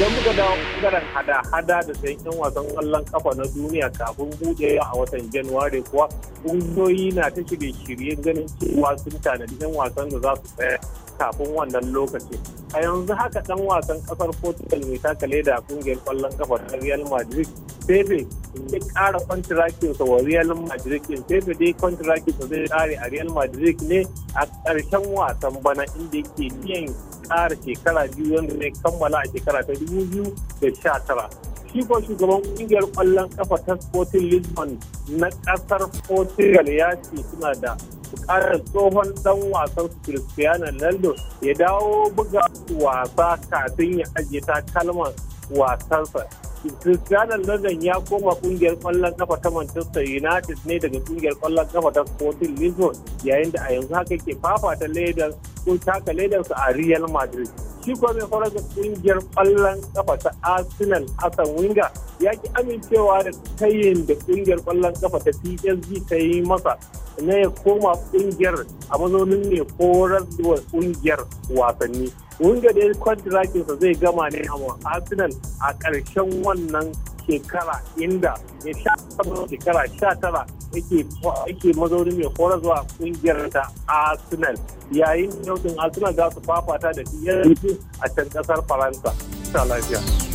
idan muka dawo ɓangaren hada-hada da sayan 'yan wasan kwallon kafa na duniya kafin buɗewa a watan januwari kuwa ƙungiyoyi na ta shirye shirye ganin cewa sun tanadi 'yan wasan da za su tsaya kafin wannan lokaci a yanzu haka ɗan wasan ƙasar portugal mai taka leda ƙungiyar kwallon kafa ta real madrid pepe ya kara kwantirakin wa real madrid ɗin pepe dai kwantirakin sa zai ƙare a real madrid ne a ƙarshen wasan bana inda yake biyan. ƙara shekara biyu wanda ne kammala a shekara ta dubu biyu da sha tara. Shi ko shugaban ƙungiyar kwallon ƙafa ta Sporting Lisbon na ƙasar Portugal ya ce suna da bukatar tsohon dan wasan Cristiano Ronaldo ya dawo buga wasa kafin ya ajiye kalmar wasansa. Cristiano Ronaldo ya koma kungiyar kwallon kafa ta Manchester United ne daga kungiyar kwallon kafa ta Sporting Lisbon yayin da a yanzu haka ke fafata ledar sun taka ledarsu a Real Madrid. Shi kuwa mai horar da kungiyar ƙwallon kafa ta Arsenal Hassan Winga ya ki amincewa da tayin da kungiyar ƙwallon kafa ta PSG ta yi masa na ya koma kungiyar a mazaunin ne horar da kungiyar wasanni. Winga da kwantirakinsa zai gama ne a Arsenal a ƙarshen wannan shekara inda ya sha shekara sha tara yake mazaunin mai kora zuwa kungiyar ta arsenal yayin din arsenal za su fafata da biyar a can kasar faransa. lafiya.